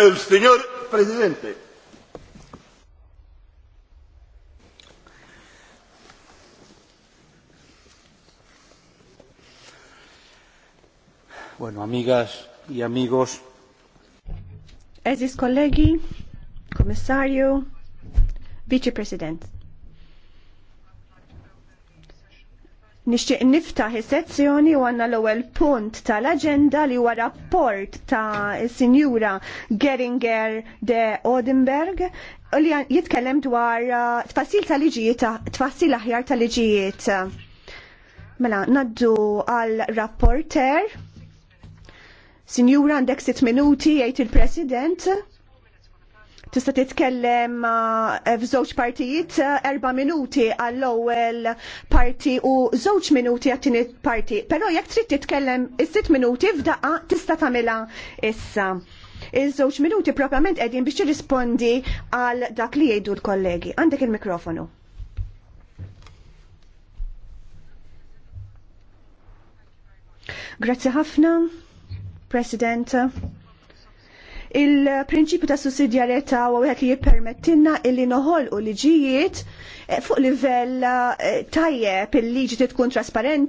El señor presidente. Bueno, amigas y amigos. Eżis kollegi, komissarju, viċi president. Nixtieq niftaħ is-sezzjoni u għandna l-ewwel punt tal-aġenda li huwa rapport ta' sinjura Geringer de Odenberg li jitkellem dwar uh, tfassil tal-liġijiet, tfassil aħjar tal-liġijiet. Mela, naddu għal rapporter. Sinjura għandek sitt minuti jgħid il-President tista' titkellem f'żewġ partijiet eh, erba' minuti għall-ewwel parti u żewġ minuti għat-tieni parti. Però jekk trid titkellem is-sitt minuti f'daqqa tista' tagħmilha issa. Iż-żewġ minuti propjament qegħdin biex tirrispondi għal dak li jgħidu l-kollegi. Għandek il-mikrofonu. Grazzi ħafna, President. Il-prinċipju ta' sussidjarjetà huwa wieħed li jippermettilna illi noħolqu liġijiet eh, fuq livell eh, tajjeb il-liġi tkun trasparenti